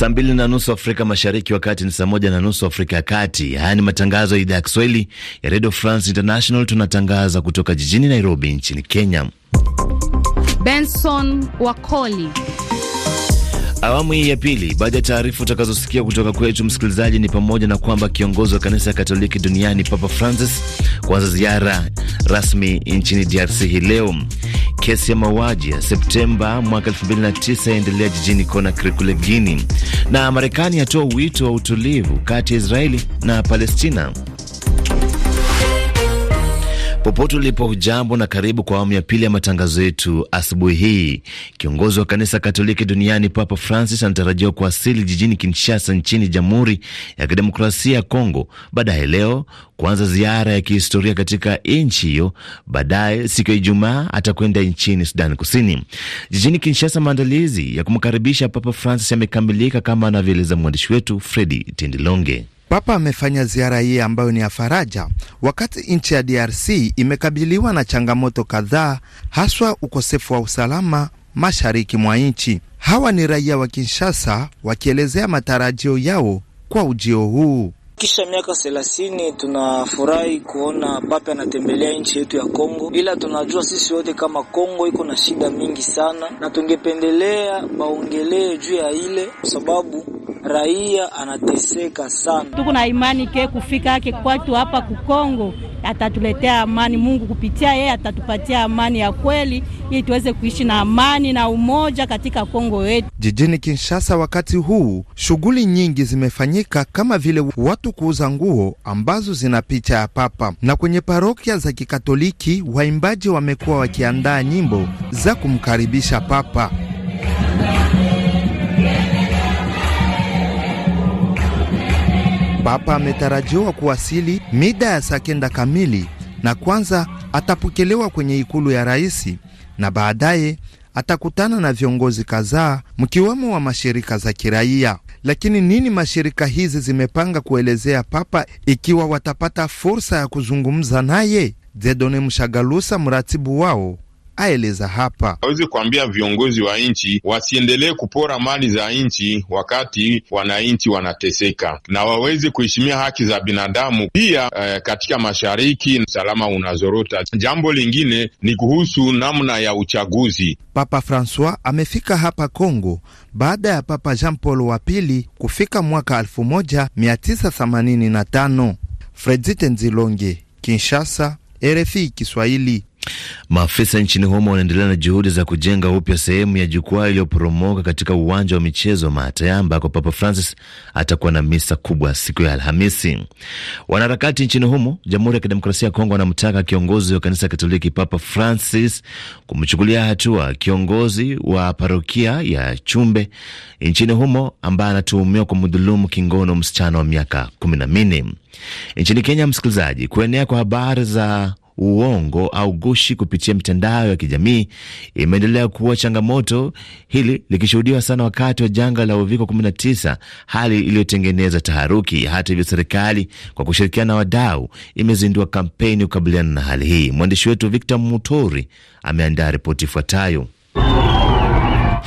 Saa mbili na nusu Afrika Mashariki, wakati ni saa moja na nusu Afrika ya Kati. Haya ni matangazo ya idhaa ya Kiswahili ya Redio France International. Tunatangaza kutoka jijini Nairobi nchini Kenya. Benson Wakoli. Awamu hii ya pili, baadhi ya taarifa utakazosikia kutoka kwetu msikilizaji ni pamoja na kwamba kiongozi wa kanisa ya Katoliki duniani Papa Francis kuanza ziara rasmi nchini DRC hii leo kesi ya mauaji ya Septemba mwaka 2009 yaendelea jijini Conakry kule Guini, na Marekani yatoa wito wa utulivu kati ya Israeli na Palestina. Popote ulipo hujambo na karibu kwa awamu ya pili ya matangazo yetu asubuhi hii. Kiongozi wa kanisa Katoliki duniani Papa Francis anatarajiwa kuwasili jijini Kinshasa nchini Jamhuri ya Kidemokrasia ya Kongo baadaye leo kuanza ziara ya kihistoria katika nchi hiyo. Baadaye siku ya Ijumaa atakwenda nchini Sudani Kusini. Jijini Kinshasa, maandalizi ya kumkaribisha Papa Francis yamekamilika kama anavyoeleza mwandishi wetu Fredi Tindilonge. Papa amefanya ziara hii ambayo ni ya faraja wakati nchi ya DRC imekabiliwa na changamoto kadhaa, haswa ukosefu wa usalama mashariki mwa nchi. Hawa ni raia wa Kinshasa wakielezea matarajio yao kwa ujio huu. Kisha miaka thelathini tunafurahi kuona Papa anatembelea nchi yetu ya Kongo, ila tunajua sisi wote kama Kongo iko na shida mingi sana, na tungependelea baongelee juu ya ile, kwa sababu raia anateseka sana. Tuko na imani ke kufika yake kwatu hapa kukongo atatuletea amani. Mungu kupitia yeye atatupatia amani ya kweli, ili tuweze kuishi na amani na umoja katika Kongo yetu. Jijini Kinshasa wakati huu shughuli nyingi zimefanyika kama vile watu kuuza nguo ambazo zina picha ya papa, na kwenye parokia za Kikatoliki waimbaji wamekuwa wakiandaa nyimbo za kumkaribisha papa. Papa ametarajiwa kuwasili mida ya saa kenda kamili, na kwanza atapokelewa kwenye ikulu ya rais na baadaye atakutana na viongozi kadhaa mkiwemo wa mashirika za kiraia. Lakini nini mashirika hizi zimepanga kuelezea Papa ikiwa watapata fursa ya kuzungumza naye? Zedone Mshagalusa, mratibu wao aeleza hapa. Hawezi kuambia viongozi wa nchi wasiendelee kupora mali za nchi wakati wananchi wanateseka, na waweze kuheshimia haki za binadamu pia. Eh, katika mashariki usalama unazorota. Jambo lingine ni kuhusu namna ya uchaguzi. Papa Francois amefika hapa Kongo baada ya Papa Jean Paul wa pili kufika mwaka 1985. Fredi Tenzilonge, Kinshasa, RFI Kiswahili. Maafisa nchini humo wanaendelea na juhudi za kujenga upya sehemu ya jukwaa iliyoporomoka katika uwanja wa michezo wa Mahataya ambako Papa Francis atakuwa na misa kubwa siku ya Alhamisi. Wanaharakati nchini humo, Jamhuri ya Kidemokrasia ya Kongo, wanamtaka kiongozi wa kanisa Katoliki Papa Francis kumchukulia hatua kiongozi wa parokia ya Chumbe nchini humo ambaye anatuhumiwa kwa mdhulumu kingono msichana wa miaka kumi na nne. Nchini Kenya, msikilizaji, kuenea kwa habari za uongo au gushi kupitia mitandao ya kijamii imeendelea kuwa changamoto, hili likishuhudiwa sana wakati wa janga la uviko 19, hali iliyotengeneza taharuki. Hata hivyo, serikali kwa kushirikiana na wadau imezindua kampeni kukabiliana na hali hii. Mwandishi wetu Victor Mutori ameandaa ripoti ifuatayo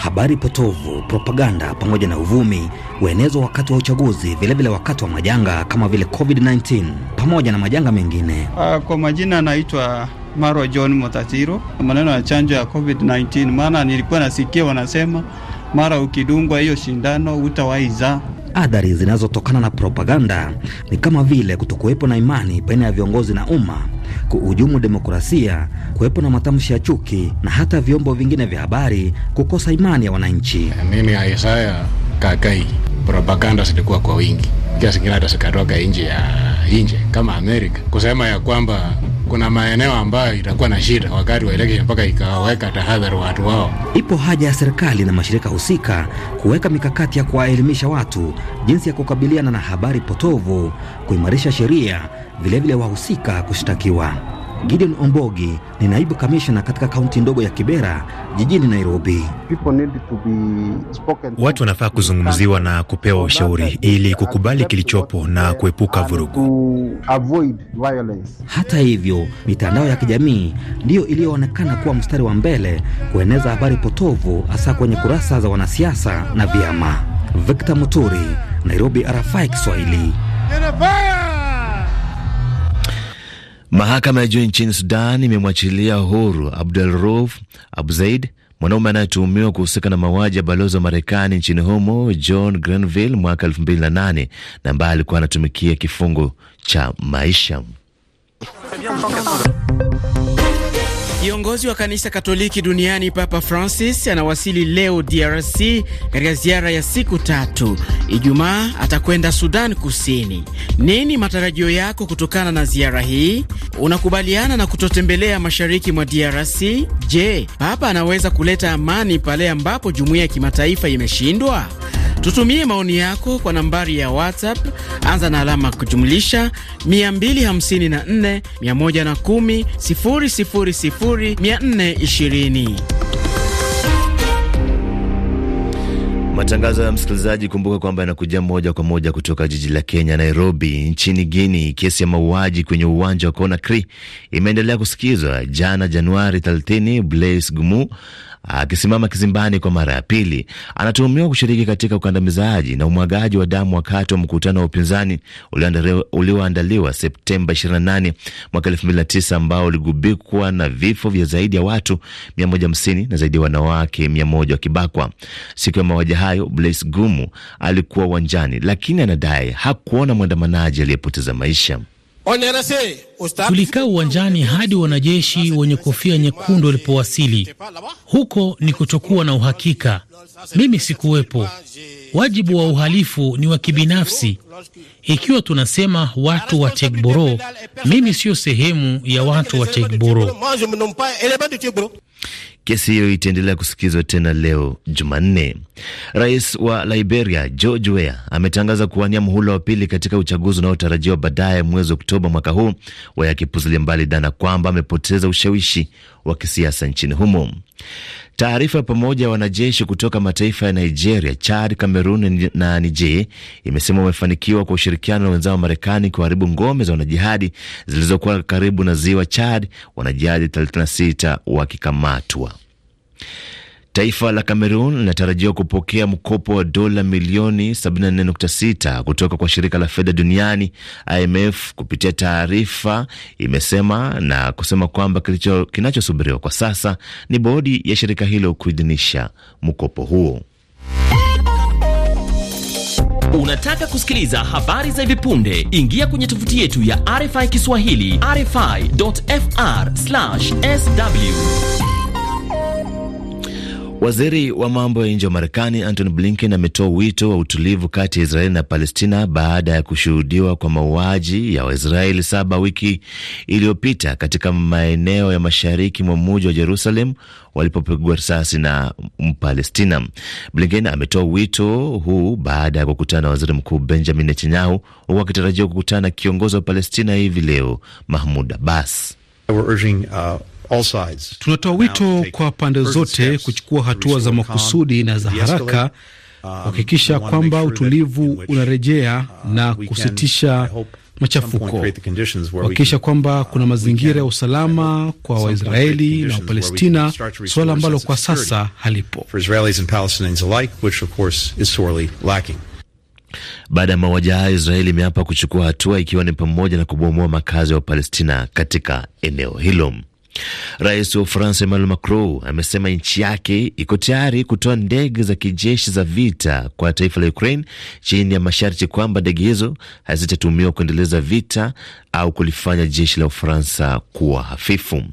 habari potovu, propaganda pamoja na uvumi huenezwa wakati wa uchaguzi, vilevile vile wakati wa majanga kama vile COVID-19 pamoja na majanga mengine. Uh, kwa majina anaitwa Maro John Motatiro. Maneno ya chanjo ya COVID-19, maana nilikuwa nasikia wanasema mara ukidungwa hiyo shindano utawaiza. Adhari zinazotokana na propaganda ni kama vile kutokuwepo na imani baina ya viongozi na umma kuhujumu demokrasia, kuwepo na matamshi ya chuki na hata vyombo vingine vya habari kukosa imani ya wananchi. Mimi Isaya Kakai, propaganda zilikuwa kwa wingi, kiasi kingine hata zikatoka nje ya nje kama Amerika kusema ya kwamba kuna maeneo ambayo itakuwa na shida wakati wa election mpaka ikaweka tahadhari watu wao. Ipo haja ya serikali na mashirika husika kuweka mikakati ya kuwaelimisha watu jinsi ya kukabiliana na habari potovu, kuimarisha sheria, vilevile wahusika kushtakiwa. Gideon Ombogi ni naibu kamishna katika kaunti ndogo ya Kibera jijini Nairobi. Watu wanafaa kuzungumziwa na kupewa ushauri ili kukubali kilichopo na kuepuka vurugu. Hata hivyo, mitandao ya kijamii ndiyo iliyoonekana kuwa mstari wa mbele kueneza habari potovu, hasa kwenye kurasa za wanasiasa na vyama. Victor Muturi, Nairobi, RFI Kiswahili. Mahakama ya juu nchini Sudan imemwachilia huru Abdul Rauf Abu Zaid, mwanaume anayetuhumiwa kuhusika na mauaji ya balozi wa Marekani nchini humo John Grenville mwaka 2008 na ambaye alikuwa anatumikia kifungo cha maisha Kiongozi wa kanisa Katoliki duniani Papa Francis anawasili leo DRC katika ziara ya siku tatu. Ijumaa atakwenda Sudan Kusini. Nini matarajio yako kutokana na ziara hii? Unakubaliana na kutotembelea mashariki mwa DRC? Je, Papa anaweza kuleta amani pale ambapo jumuiya ya kimataifa imeshindwa? Tutumie maoni yako kwa nambari ya WhatsApp, anza na alama kujumlisha 254 Matangazo ya msikilizaji, kumbuka kwamba yanakuja moja kwa moja kutoka jiji la Kenya, Nairobi. Nchini Guini, kesi ya mauaji kwenye uwanja wa Conakry imeendelea kusikizwa. Jana Januari 30, Blaise Gumu akisimama kizimbani kwa mara ya pili. Anatuhumiwa kushiriki katika ukandamizaji na umwagaji wa damu wakati wa mkutano wa upinzani ulioandaliwa Septemba 28 mwaka 2009 ambao uligubikwa na vifo vya zaidi ya watu 150 na zaidi ya wanawake 100 wakibakwa. Siku ya mauaji hayo, Blaise Gumu alikuwa uwanjani, lakini anadai hakuona mwandamanaji aliyepoteza maisha. Tulikaa uwanjani hadi wanajeshi wenye kofia nyekundu walipowasili. Huko ni kutokuwa na uhakika. Mimi sikuwepo. Wajibu wa uhalifu ni wa kibinafsi. Ikiwa tunasema watu wa Tegboro, mimi siyo sehemu ya watu wa Tegboro. Kesi hiyo itaendelea kusikizwa tena leo Jumanne. Rais wa Liberia George Weah ametangaza kuwania muhula wa pili katika uchaguzi unaotarajiwa baadaye mwezi Oktoba mwaka huu, Weah akipuzilia mbali dana kwamba amepoteza ushawishi wa kisiasa nchini humo. Taarifa pamoja wanajeshi kutoka mataifa ya Nigeria, Chad, Cameroon na Niger imesema wamefanikiwa kwa ushirikiano na wenzao wa Marekani kuharibu ngome za wanajihadi zilizokuwa karibu na ziwa Chad, wanajihadi 36 wakikamatwa. Taifa la Cameroon linatarajiwa kupokea mkopo wa dola milioni 74.6 kutoka kwa shirika la fedha duniani IMF kupitia taarifa imesema, na kusema kwamba kinachosubiriwa kwa sasa ni bodi ya shirika hilo kuidhinisha mkopo huo. Unataka kusikiliza habari za hivi punde? Ingia kwenye tovuti yetu ya RFI Kiswahili, rfi.fr/sw Waziri wa mambo ya nje wa Marekani Antony Blinken ametoa wito wa utulivu kati ya Israeli na Palestina baada ya kushuhudiwa kwa mauaji ya Waisraeli saba wiki iliyopita katika maeneo ya mashariki mwa mji wa Jerusalem walipopigwa risasi na Mpalestina. Blinken ametoa wito huu baada ya kukutana na waziri mkuu Benjamin Netanyahu, huku akitarajiwa kukutana na kiongozi wa Palestina hivi leo Mahmud Abbas. We're urging, uh... Tunatoa wito kwa pande zote kuchukua hatua za makusudi na za haraka um, kuhakikisha kwamba utulivu unarejea uh, na kusitisha machafuko, kuhakikisha kwamba uh, kuna mazingira ya usalama kwa Waisraeli na Wapalestina, suala ambalo kwa sasa halipo. Baada ya mauaji hayo, Israeli imeapa kuchukua hatua, ikiwa ni pamoja na kubomoa makazi ya Wapalestina katika eneo hilo. Rais wa Ufaransa Emmanuel Macron amesema nchi yake iko tayari kutoa ndege za kijeshi za vita kwa taifa la Ukraine chini ya masharti kwamba ndege hizo hazitatumiwa kuendeleza vita au kulifanya jeshi la Ufaransa kuwa hafifu.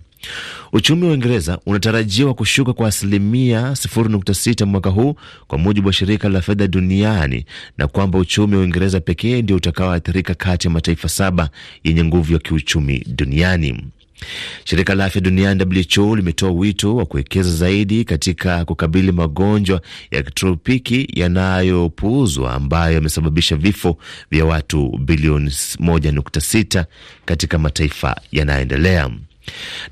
Uchumi wa Uingereza unatarajiwa kushuka kwa asilimia 0.6 mwaka huu kwa mujibu wa shirika la fedha duniani, na kwamba uchumi wa Uingereza pekee ndio utakaoathirika kati ya mataifa saba yenye nguvu ya kiuchumi duniani. Shirika la afya duniani WHO limetoa wito wa kuwekeza zaidi katika kukabili magonjwa ya kitropiki yanayopuuzwa ambayo yamesababisha vifo vya watu bilioni 1.6 katika mataifa yanayoendelea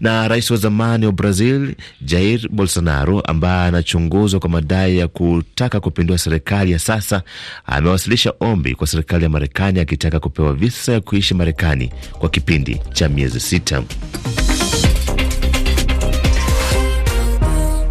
na rais wa zamani wa Brazil Jair Bolsonaro ambaye anachunguzwa kwa madai ya kutaka kupindua serikali ya sasa amewasilisha ombi kwa serikali ya Marekani akitaka kupewa visa ya kuishi Marekani kwa kipindi cha miezi sita.